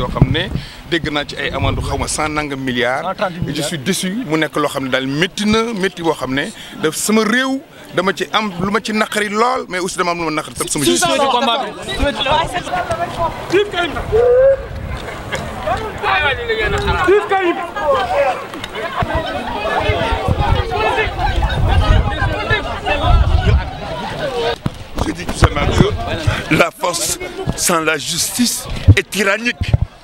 yoo xam ne dégg naa ci ay amende xaw ma cent nangam milliards. je suis mu nekk loo xam ne daal métti na métti boo xam ne sama réew dama ci am lu ma ci naqari lool mais aussi dama am lu ma naqari tam sama. ci la force sans la justice est tyrannique.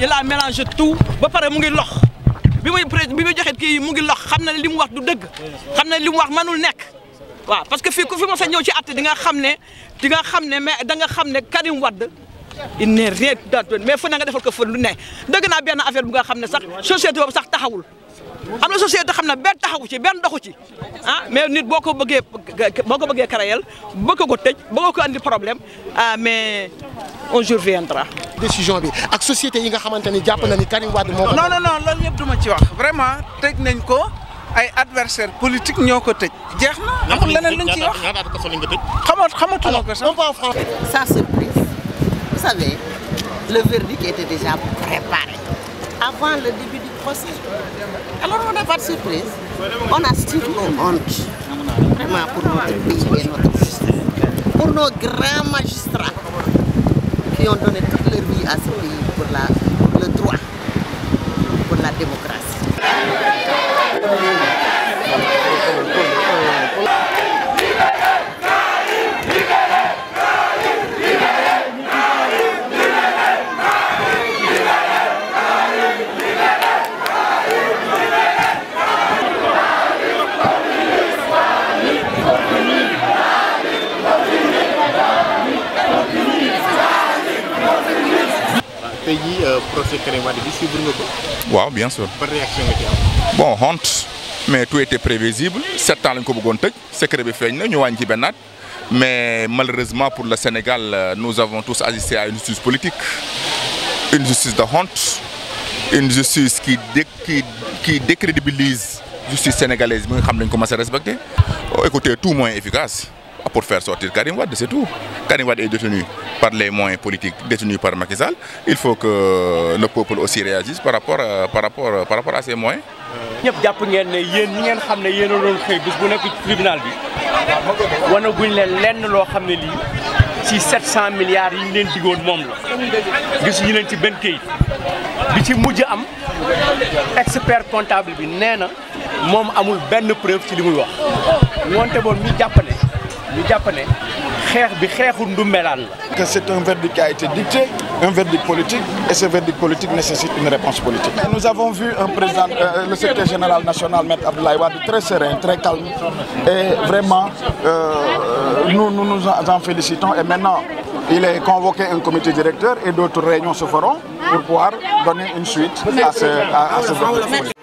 il a mélangé tout ba pare mu ngi lox bi muy bi muy joxe kii mu ngi lox xam na ne li mu wax du dëgg xam na li mu wax manul nekk waaw parce que fii ku fi mos a ñëw ci at dinga nga xam ne di nga xam ne mais da nga xam ne Karim Wade il n'est rien d'autre mais fu na nga defal ko fa lu ne dëgg naa benn affaire bu nga xam ne sax société boobu sax taxawul xam na société xam na benn taxawu ci benn doxu ci ah mais nit boo ko bëggee boo ko bëggee karayel bëgg ko tëj bëgg ko andi problème ah mais un décision bi ak société yi nga xamante ni jàpp na ni Karim Wade moo ko. non non non loolu yëpp duma ci wax vraiment tëj nañ ko ay adversaire politique ñoo ko tëj. jeex na amul leneen luñ ci wax xamat xamatuma ko sax. sa surprise vous savez le verdict était déjà préparé avant qui ont donné toute leur vie à ce pays pour, la, pour le droit, pour la démocratie. tey jii euh, procès Karim Wade bi nga ko. waaw bien sûr. bon honte mais tout était prévisible sept ans lañ ko bëggoon tëj secret bi feeñ na ñu ci bennaat mais malheureusement pour le Sénégal euh, nous avons tous assisté à une justice politique une justice de honte une justice qui dé qui qui décrédibilise justice sénégalaise bi nga xam dañ ko mas a respecté oh, écoutez tout moins efficace. pour faire sortir Karim Wade, c'est tout. Karim Wade est détenu par les moyens politiques détenus par Macky Sall. Il faut que le peuple aussi réagisse par rapport, euh, euh, par rapport, à ces moyens. ñëpp jàpp ngeen ne yéen ñi ngeen xam ne yéen a doon xëy bis bu nekk tribunal bi wana guñ leen lenn loo xam ne lii ci 700 milliards yi ñu leen diggoon moom la gis ñu leen ci benn këyit bi ci mujj am expert comptable bi nee na moom amul benn preuve ci li muy wax moonte boon mi jàpp ñu jàpp ne xeex bi xeexu ndumbelaan la. que c'est un verdict qui a été dicté un verdict politique et ce verdict politique nécessite une réponse politique. nous avons vu un président euh, euh, le secrétaire général national maître Abdoulaye Wade très serein très calme et vraiment euh, nous nous nous en félicitons et maintenant il est convoqué un comité directeur et d'autres réunions se feront pour pouvoir donner une suite à ce à,